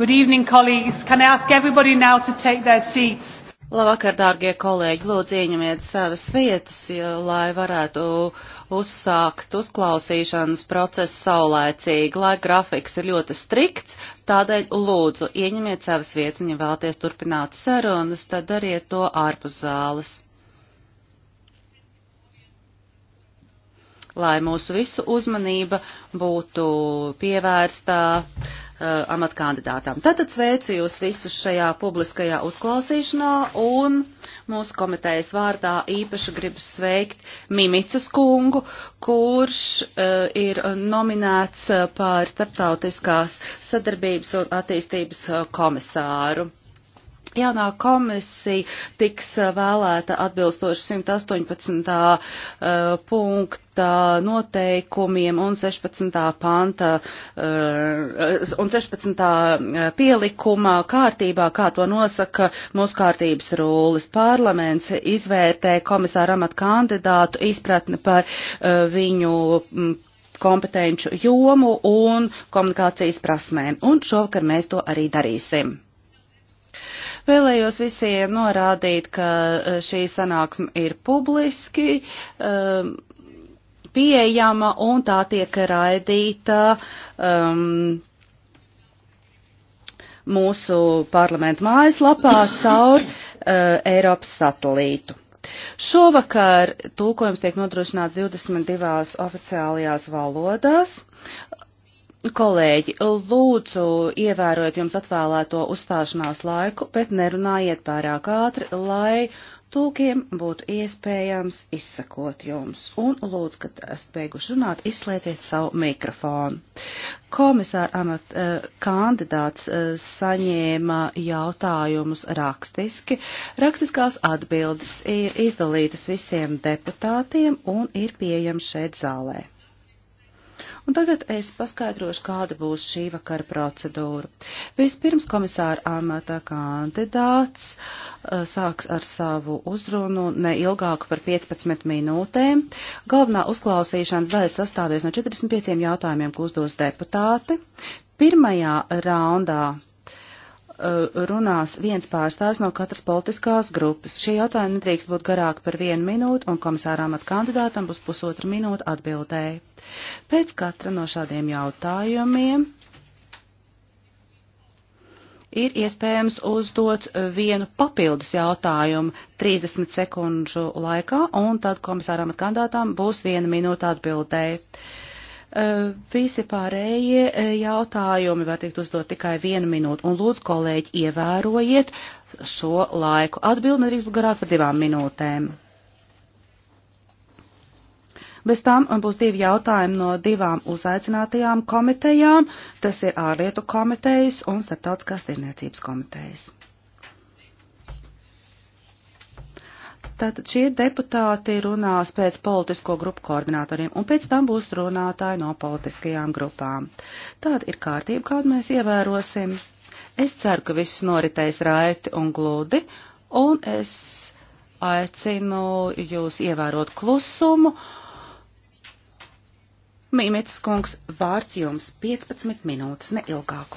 Good evening, colleagues. Can I ask everybody now to take their seats? Labvakar, dārgie kolēģi, lūdzu ieņemiet savas vietas, lai varētu uzsākt uzklausīšanas procesu saulēcīgi, lai grafiks ir ļoti strikts, tādēļ lūdzu ieņemiet savas vietas un, ja vēlaties turpināt sarunas, tad dariet to ārpus zāles. Lai mūsu visu uzmanība būtu pievērstā Uh, amata kandidātām. Tātad sveicu jūs visus šajā publiskajā uzklausīšanā un mūsu komitejas vārdā īpaši gribu sveikt Mimicas kungu, kurš uh, ir nominēts uh, par starptautiskās sadarbības un attīstības uh, komisāru. Jaunā komisija tiks eh, vēlēta atbilstoši 118. Eh, punkta noteikumiem un 16. panta eh, un 16. pielikuma kārtībā, kā to nosaka mūsu kārtības rūlis. Parlaments izvērtē komisāra amat kandidātu izpratni par viņu mm, kompetenču jomu un komunikācijas prasmēm. Un šovakar mēs to arī darīsim. Vēlējos visiem norādīt, ka eh, šī sanāksme ir publiski um, pieejama un tā tiek raidīta um, mūsu parlamentu mājaslapā caur uh, Eiropas satelītu. Šovakar tulkojums tiek nodrošināts 22 oficiālajās valodās, Kolēģi, lūdzu, ievērojiet jums atvēlēto uzstāšanās laiku, bet nerunājiet pārāk ātri, lai tulkiem būtu iespējams izsakot jums. Un lūdzu, kad esat beiguši runāt, izslēdziet savu mikrofonu. Komisāra amat uh, kandidāts uh, saņēma jautājumus rakstiski. Rakstiskās atbildes ir izdalītas visiem deputātiem un ir pieejams šeit zālē. Un tagad es paskaidrošu, kāda būs šī vakara procedūra. Vispirms komisāra amata kandidāts eh, sāks ar savu uzrunu ne ilgāku par 15 minūtēm. Galvenā uzklausīšanas daļa sastāvies no 45 jautājumiem, ko uzdos deputāti. Pirmajā raundā Uh, runās viens pārstāvs no katras politiskās grupas. Šie jautājumi nedrīkst būt garāk par vienu minūtu, un komisārām at kandidātam būs pusotra minūte atbildēji. Pēc katra no šādiem jautājumiem ir iespējams uzdot vienu papildus jautājumu 30 sekundžu laikā, un tad komisāram at kandidātām būs viena minūte atbildēji. Visi pārējie jautājumi var tikt uzdot tikai vienu minūtu, un lūdzu, kolēģi, ievērojiet šo laiku. Atbildi nedrīkst būt garāk par divām minūtēm. Bez tam būs divi jautājumi no divām uzaicinātajām komitejām, tas ir ārlietu komitejas un starptautiskās tirniecības komitejas. Tātad šie deputāti runās pēc politisko grupu koordinatoriem, un pēc tam būs runātāji no politiskajām grupām. Tāda ir kārtība, kādu mēs ievērosim. Es ceru, ka viss noritēs raiti un gludi, un es aicinu jūs ievērot klusumu. Mīmītis kungs, vārds jums 15 minūtes neilgāk.